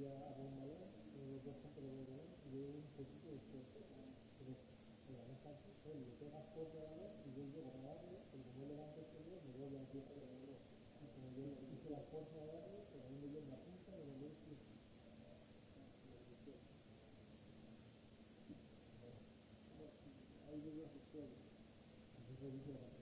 ya abonmalı olacaktır böyle yayın çeşitli istiyorsa yani sanki şöyle bir hafta olarak üzerinde olmalar ve bunu levante ediyor mu? Böyle yapıyor. İki hafta olarak önünde bir bakımsa öyle bir şey. Ayrıca bir şey. Bir şey.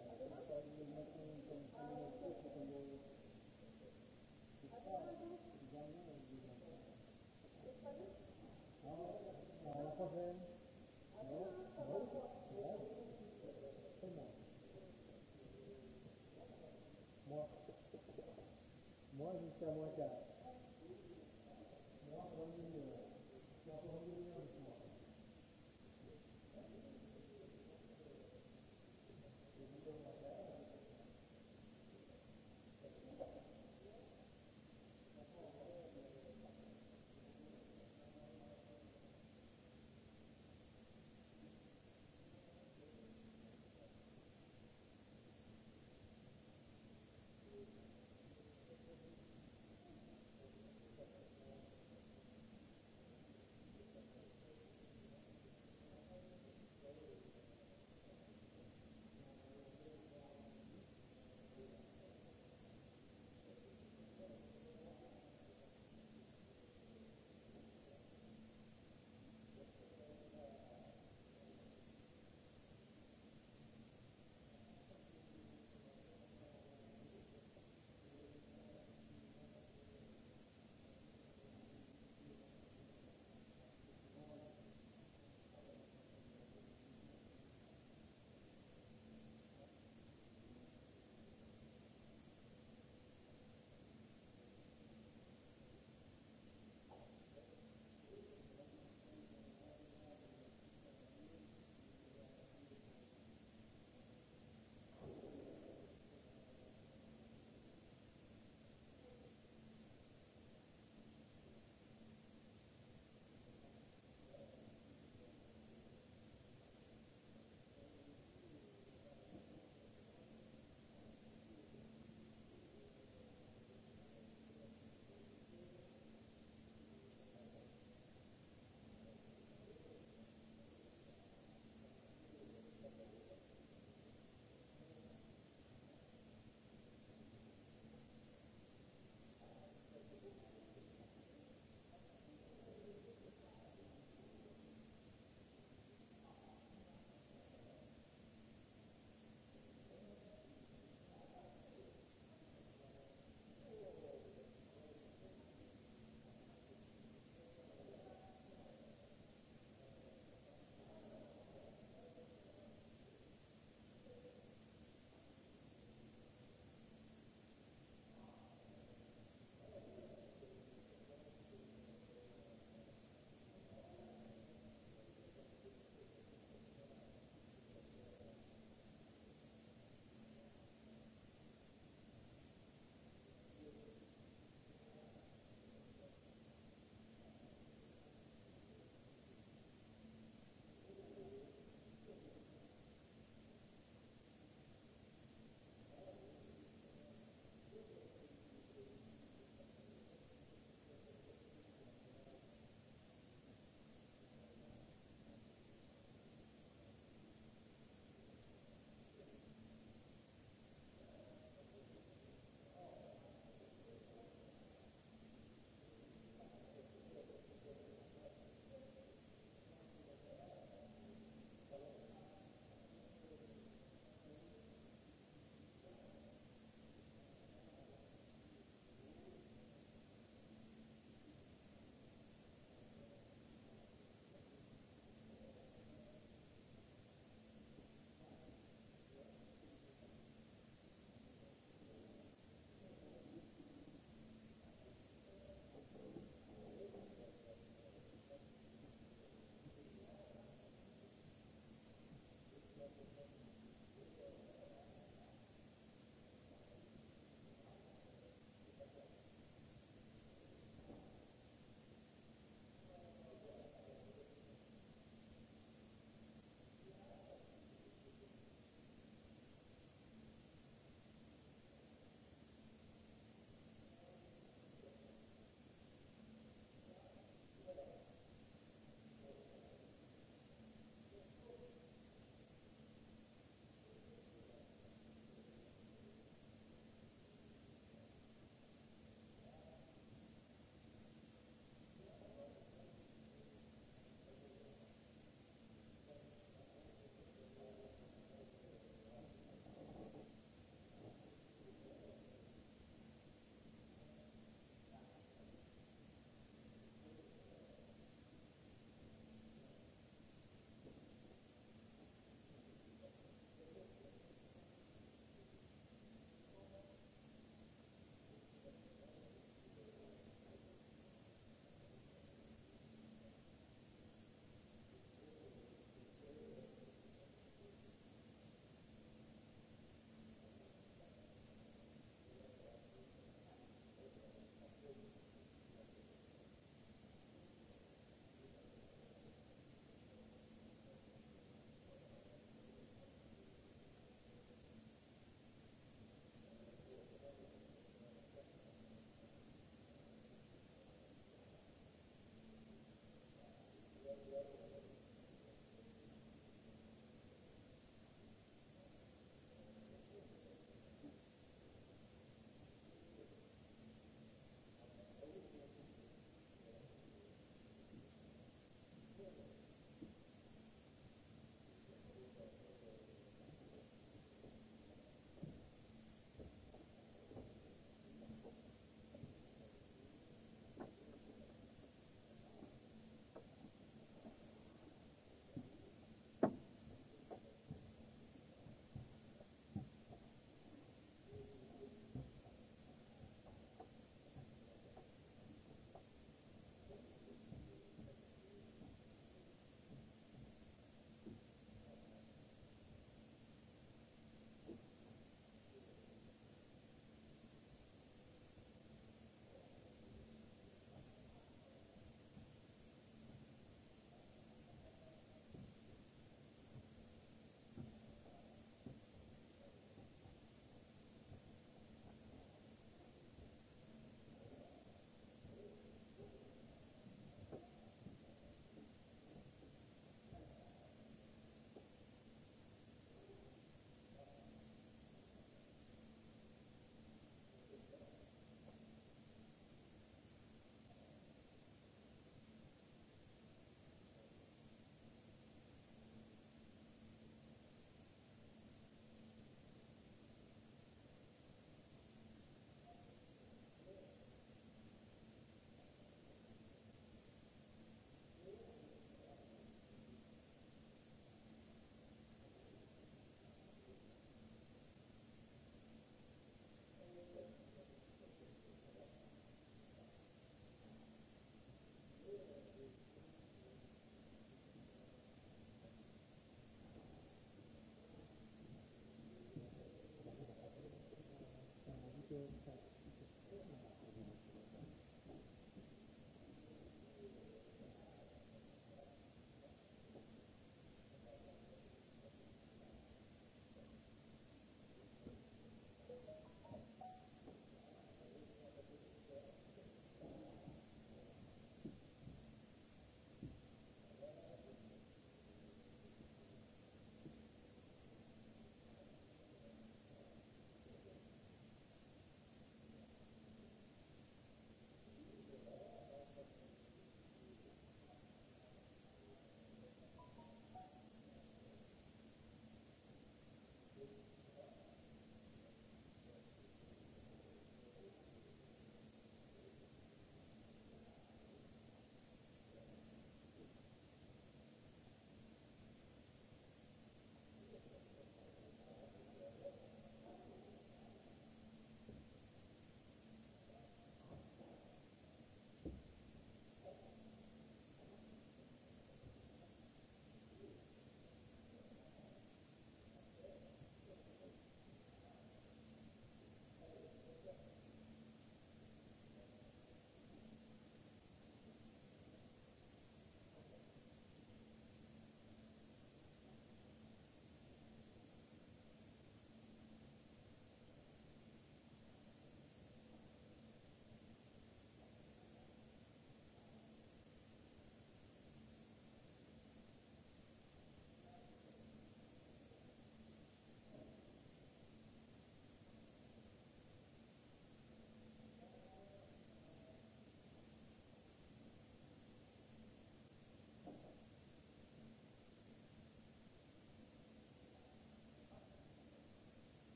moi jusqu'à moins 4.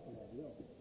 to